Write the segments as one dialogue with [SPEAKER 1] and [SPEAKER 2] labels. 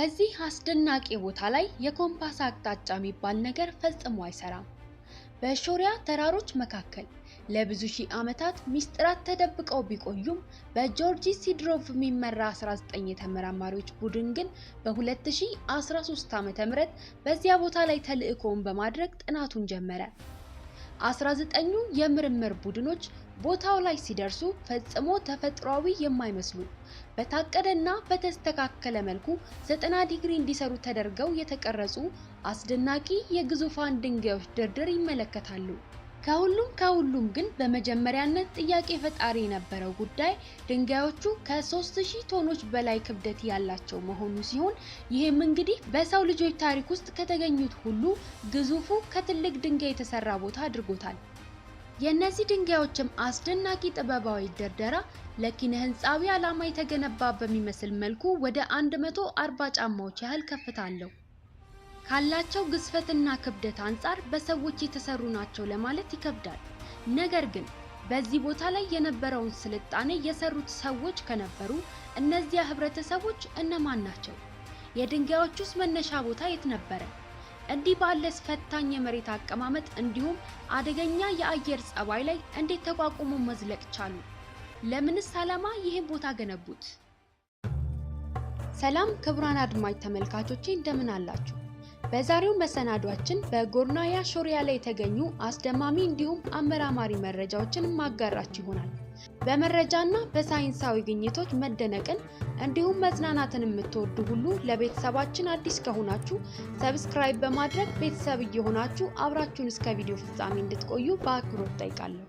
[SPEAKER 1] በዚህ አስደናቂ ቦታ ላይ የኮምፓስ አቅጣጫ የሚባል ነገር ፈጽሞ አይሰራም። በሾሪያ ተራሮች መካከል ለብዙ ሺህ ዓመታት ሚስጥራት ተደብቀው ቢቆዩም በጆርጂ ሲድሮቭ የሚመራ 19 የተመራማሪዎች ቡድን ግን በ2013 ዓ.ም በዚያ ቦታ ላይ ተልእኮውን በማድረግ ጥናቱን ጀመረ። 19ኙ የምርምር ቡድኖች ቦታው ላይ ሲደርሱ ፈጽሞ ተፈጥሯዊ የማይመስሉ በታቀደና በተስተካከለ መልኩ ዘጠና ዲግሪ እንዲሰሩ ተደርገው የተቀረጹ አስደናቂ የግዙፋን ድንጋዮች ድርድር ይመለከታሉ። ከሁሉም ከሁሉም ግን በመጀመሪያነት ጥያቄ ፈጣሪ የነበረው ጉዳይ ድንጋዮቹ ከ3000 ቶኖች በላይ ክብደት ያላቸው መሆኑ ሲሆን ይህም እንግዲህ በሰው ልጆች ታሪክ ውስጥ ከተገኙት ሁሉ ግዙፉ ከትልቅ ድንጋይ የተሰራ ቦታ አድርጎታል። የእነዚህ ድንጋዮችም አስደናቂ ጥበባዊ ድርደራ ለኪነ ህንፃዊ ዓላማ የተገነባ በሚመስል መልኩ ወደ 140 ጫማዎች ያህል ከፍታ አለው። ካላቸው ግዝፈትና ክብደት አንጻር በሰዎች የተሰሩ ናቸው ለማለት ይከብዳል። ነገር ግን በዚህ ቦታ ላይ የነበረውን ስልጣኔ የሰሩት ሰዎች ከነበሩ እነዚያ ህብረተሰቦች እነማን ናቸው? የድንጋዮቹስ መነሻ ቦታ የት ነበረ? እንዲህ ባለ ፈታኝ የመሬት አቀማመጥ እንዲሁም አደገኛ የአየር ጸባይ ላይ እንዴት ተቋቁሞ መዝለቅ ቻሉ? ለምንስ ዓላማ ይህን ቦታ ገነቡት?
[SPEAKER 2] ሰላም ክቡራን አድማጭ ተመልካቾቼ እንደምን አላችሁ? በዛሬው መሰናዷችን በጎርናያ ሾሪያ ላይ የተገኙ አስደማሚ እንዲሁም አመራማሪ መረጃዎችን ማጋራችሁ ይሆናል። በመረጃና በሳይንሳዊ ግኝቶች መደነቅን እንዲሁም መዝናናትን የምትወዱ ሁሉ ለቤተሰባችን አዲስ ከሆናችሁ ሰብስክራይብ በማድረግ ቤተሰብ እየሆናችሁ አብራችሁን እስከ ቪዲዮ ፍጻሜ እንድትቆዩ በአክብሮት ጠይቃለሁ።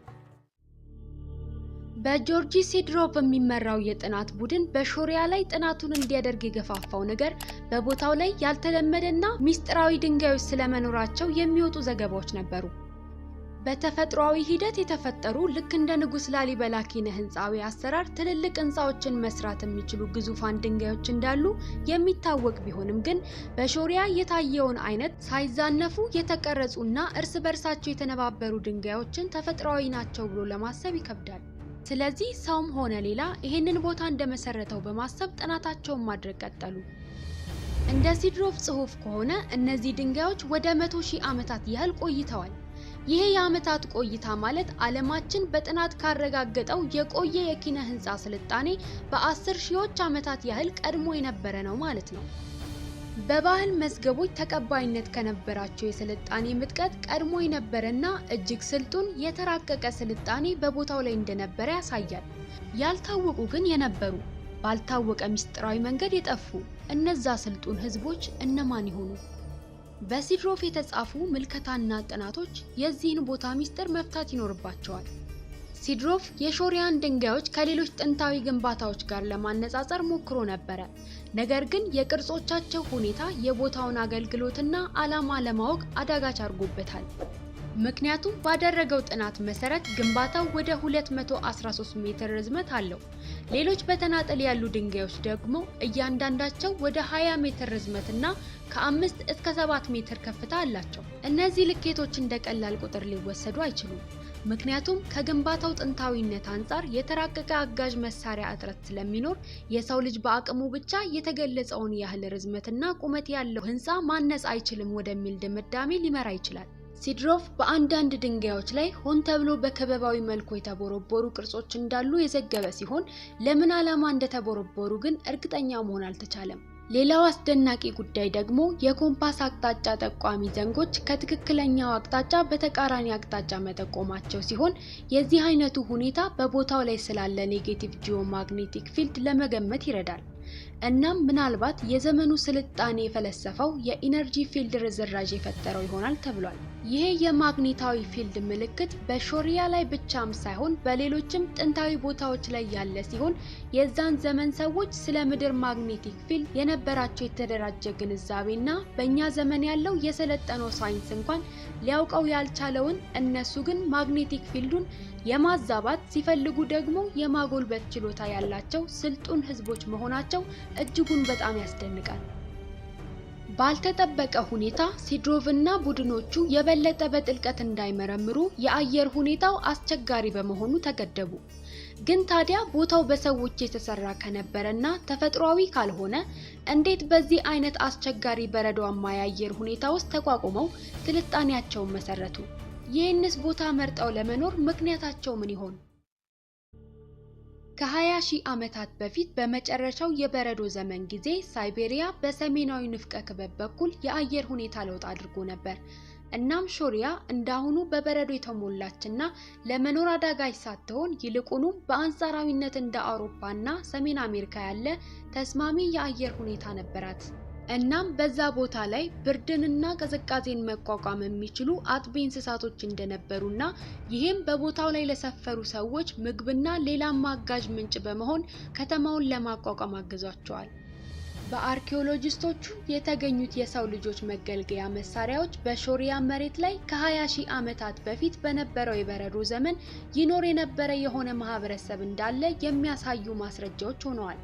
[SPEAKER 2] በጆርጂ ሲድሮፕ የሚመራው የጥናት ቡድን በሾሪያ ላይ ጥናቱን እንዲያደርግ የገፋፋው ነገር በቦታው ላይ ያልተለመደና ሚስጥራዊ ድንጋዮች ስለመኖራቸው የሚወጡ ዘገባዎች ነበሩ። በተፈጥሯዊ ሂደት የተፈጠሩ ልክ እንደ ንጉሥ ላሊበላ ኪነ ህንፃዊ አሰራር ትልልቅ ህንፃዎችን መስራት የሚችሉ ግዙፋን ድንጋዮች እንዳሉ የሚታወቅ ቢሆንም ግን በሾሪያ የታየውን አይነት ሳይዛነፉ የተቀረጹና እርስ በርሳቸው የተነባበሩ ድንጋዮችን ተፈጥሯዊ ናቸው ብሎ ለማሰብ ይከብዳል። ስለዚህ ሰውም ሆነ ሌላ ይህንን ቦታ እንደመሰረተው በማሰብ ጥናታቸውን ማድረግ ቀጠሉ። እንደ ሲድሮፍ ጽሑፍ ከሆነ እነዚህ ድንጋዮች ወደ መቶ ሺህ ዓመታት ያህል ቆይተዋል። ይሄ የአመታት ቆይታ ማለት ዓለማችን በጥናት ካረጋገጠው የቆየ የኪነ ህንፃ ስልጣኔ በአስር ሺዎች ዓመታት ያህል ቀድሞ የነበረ ነው ማለት ነው። በባህል መዝገቦች ተቀባይነት ከነበራቸው የስልጣኔ ምጥቀት ቀድሞ የነበረና እጅግ ስልጡን የተራቀቀ ስልጣኔ በቦታው ላይ እንደነበረ ያሳያል። ያልታወቁ ግን የነበሩ ባልታወቀ ምስጢራዊ መንገድ የጠፉ እነዛ ስልጡን ህዝቦች እነማን ይሆኑ? በሲድሮፍ የተጻፉ ምልከታና ጥናቶች የዚህን ቦታ ምስጢር መፍታት ይኖርባቸዋል። ሲድሮፍ የሾሪያን ድንጋዮች ከሌሎች ጥንታዊ ግንባታዎች ጋር ለማነጻጸር ሞክሮ ነበረ። ነገር ግን የቅርጾቻቸው ሁኔታ የቦታውን አገልግሎትና ዓላማ ለማወቅ አዳጋች አድርጎበታል። ምክንያቱም ባደረገው ጥናት መሰረት ግንባታው ወደ 213 ሜትር ርዝመት አለው። ሌሎች በተናጠል ያሉ ድንጋዮች ደግሞ እያንዳንዳቸው ወደ 20 ሜትር ርዝመትና ከ5 እስከ 7 ሜትር ከፍታ አላቸው። እነዚህ ልኬቶች እንደ ቀላል ቁጥር ሊወሰዱ አይችሉም። ምክንያቱም ከግንባታው ጥንታዊነት አንጻር የተራቀቀ አጋዥ መሳሪያ እጥረት ስለሚኖር የሰው ልጅ በአቅሙ ብቻ የተገለጸውን ያህል ርዝመትና ቁመት ያለው ሕንፃ ማነጽ አይችልም ወደሚል ድምዳሜ ሊመራ ይችላል። ሲድሮፍ በአንዳንድ ድንጋዮች ላይ ሆን ተብሎ በከበባዊ መልኩ የተቦረቦሩ ቅርጾች እንዳሉ የዘገበ ሲሆን ለምን ዓላማ እንደተቦረቦሩ ግን እርግጠኛ መሆን አልተቻለም። ሌላው አስደናቂ ጉዳይ ደግሞ የኮምፓስ አቅጣጫ ጠቋሚ ዘንጎች ከትክክለኛው አቅጣጫ በተቃራኒ አቅጣጫ መጠቆማቸው ሲሆን የዚህ አይነቱ ሁኔታ በቦታው ላይ ስላለ ኔጌቲቭ ጂኦማግኔቲክ ፊልድ ለመገመት ይረዳል። እናም ምናልባት የዘመኑ ስልጣኔ የፈለሰፈው የኢነርጂ ፊልድ ርዝራዥ የፈጠረው ይሆናል ተብሏል። ይህ የማግኔታዊ ፊልድ ምልክት በሾሪያ ላይ ብቻም ሳይሆን በሌሎችም ጥንታዊ ቦታዎች ላይ ያለ ሲሆን የዛን ዘመን ሰዎች ስለ ምድር ማግኔቲክ ፊልድ የነበራቸው የተደራጀ ግንዛቤና በእኛ ዘመን ያለው የሰለጠነው ሳይንስ እንኳን ሊያውቀው ያልቻለውን እነሱ ግን ማግኔቲክ ፊልዱን የማዛባት ሲፈልጉ ደግሞ የማጎልበት ችሎታ ያላቸው ስልጡን ህዝቦች መሆናቸው እጅጉን በጣም ያስደንቃል። ባልተጠበቀ ሁኔታ ሲድሮቭና ቡድኖቹ የበለጠ በጥልቀት እንዳይመረምሩ የአየር ሁኔታው አስቸጋሪ በመሆኑ ተገደቡ። ግን ታዲያ ቦታው በሰዎች የተሰራ ከነበረና ተፈጥሯዊ ካልሆነ እንዴት በዚህ አይነት አስቸጋሪ በረዷማ የአየር ሁኔታ ውስጥ ተቋቁመው ትልጣኔያቸውን መሰረቱ? ይህንስ ቦታ መርጠው ለመኖር ምክንያታቸው ምን ይሆን? ከ20 ሺህ ዓመታት በፊት በመጨረሻው የበረዶ ዘመን ጊዜ ሳይቤሪያ በሰሜናዊ ንፍቀ ክበብ በኩል የአየር ሁኔታ ለውጥ አድርጎ ነበር። እናም ሾሪያ እንዳሁኑ በበረዶ የተሞላችና ለመኖር አዳጋች ሳትሆን ይልቁኑም በአንጻራዊነት እንደ አውሮፓ እና ሰሜን አሜሪካ ያለ ተስማሚ የአየር ሁኔታ ነበራት። እናም በዛ ቦታ ላይ ብርድንና ቅዝቃዜን መቋቋም የሚችሉ አጥቢ እንስሳቶች እንደነበሩና ይህም በቦታው ላይ ለሰፈሩ ሰዎች ምግብና ሌላም አጋዥ ምንጭ በመሆን ከተማውን ለማቋቋም አግዟቸዋል። በአርኪኦሎጂስቶቹ የተገኙት የሰው ልጆች መገልገያ መሳሪያዎች በሾሪያ መሬት ላይ ከ20 ሺህ ዓመታት በፊት በነበረው የበረዶ ዘመን ይኖር የነበረ የሆነ ማህበረሰብ እንዳለ የሚያሳዩ ማስረጃዎች ሆነዋል።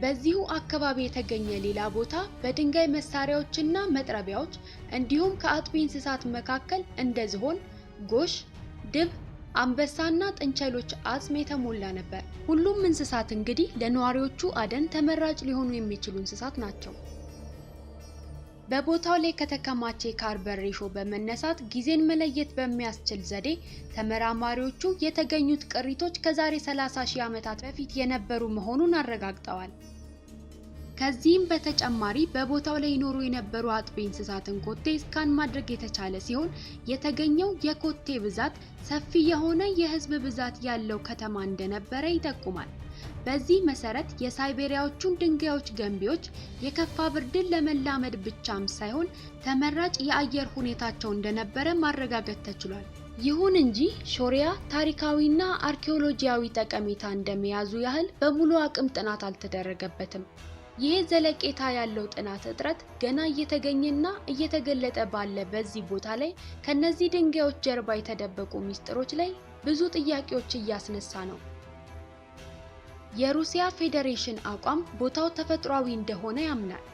[SPEAKER 2] በዚሁ አካባቢ የተገኘ ሌላ ቦታ በድንጋይ መሳሪያዎችና መጥረቢያዎች እንዲሁም ከአጥቢ እንስሳት መካከል እንደ ዝሆን፣ ጎሽ፣ ድብ፣ አንበሳና ጥንቸሎች አጽም የተሞላ ነበር። ሁሉም እንስሳት እንግዲህ ለነዋሪዎቹ አደን ተመራጭ ሊሆኑ የሚችሉ እንስሳት ናቸው። በቦታው ላይ ከተከማቸ የካር በሬሾ በመነሳት ጊዜን መለየት በሚያስችል ዘዴ ተመራማሪዎቹ የተገኙት ቅሪቶች ከዛሬ 30 ሺህ ዓመታት በፊት የነበሩ መሆኑን አረጋግጠዋል። ከዚህም በተጨማሪ በቦታው ላይ ይኖሩ የነበሩ አጥቢ እንስሳትን ኮቴ ስካን ማድረግ የተቻለ ሲሆን የተገኘው የኮቴ ብዛት ሰፊ የሆነ የህዝብ ብዛት ያለው ከተማ እንደነበረ ይጠቁማል። በዚህ መሰረት የሳይቤሪያዎቹን ድንጋዮች ገንቢዎች የከፋ ብርድን ለመላመድ ብቻም ሳይሆን ተመራጭ የአየር ሁኔታቸው እንደነበረ ማረጋገጥ ተችሏል። ይሁን እንጂ ሾሪያ ታሪካዊና አርኪኦሎጂያዊ ጠቀሜታ እንደመያዙ ያህል በሙሉ አቅም ጥናት አልተደረገበትም። ይህ ዘለቄታ ያለው ጥናት እጥረት ገና እየተገኘና እየተገለጠ ባለ በዚህ ቦታ ላይ ከነዚህ ድንጋዮች ጀርባ የተደበቁ ሚስጥሮች ላይ ብዙ ጥያቄዎች እያስነሳ ነው። የሩሲያ ፌዴሬሽን አቋም ቦታው ተፈጥሯዊ እንደሆነ ያምናል።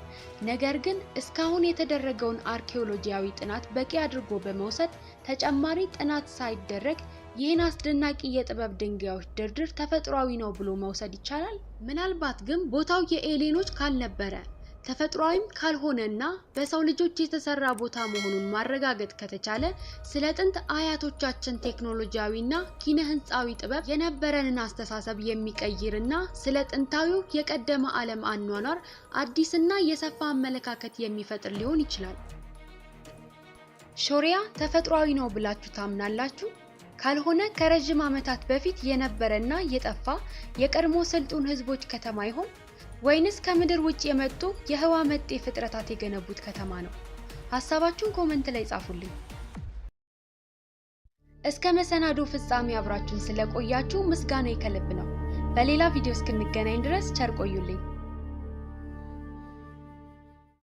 [SPEAKER 2] ነገር ግን እስካሁን የተደረገውን አርኪኦሎጂያዊ ጥናት በቂ አድርጎ በመውሰድ ተጨማሪ ጥናት ሳይደረግ ይህን አስደናቂ የጥበብ ድንጋዮች ድርድር ተፈጥሯዊ ነው ብሎ መውሰድ ይቻላል? ምናልባት ግን ቦታው የኤሌኖች ካልነበረ ተፈጥሯዊም ካልሆነና በሰው ልጆች የተሰራ ቦታ መሆኑን ማረጋገጥ ከተቻለ ስለ ጥንት አያቶቻችን ቴክኖሎጂያዊና ኪነ ህንፃዊ ጥበብ የነበረንን አስተሳሰብ የሚቀይርና ስለ ጥንታዊው የቀደመ ዓለም አኗኗር አዲስና የሰፋ አመለካከት የሚፈጥር ሊሆን ይችላል። ሾሪያ ተፈጥሯዊ ነው ብላችሁ ታምናላችሁ? ካልሆነ ከረዥም ዓመታት በፊት የነበረና የጠፋ የቀድሞ ስልጡን ህዝቦች ከተማ ይሆን? ወይንስ ከምድር ውጭ የመጡ የህዋ መጤ ፍጥረታት የገነቡት ከተማ ነው? ሀሳባችሁን ኮመንት ላይ ጻፉልኝ። እስከ መሰናዶ ፍጻሜ አብራችሁን ስለቆያችሁ ምስጋና ከልብ ነው። በሌላ ቪዲዮ እስክንገናኝ ድረስ ቸር ቆዩልኝ።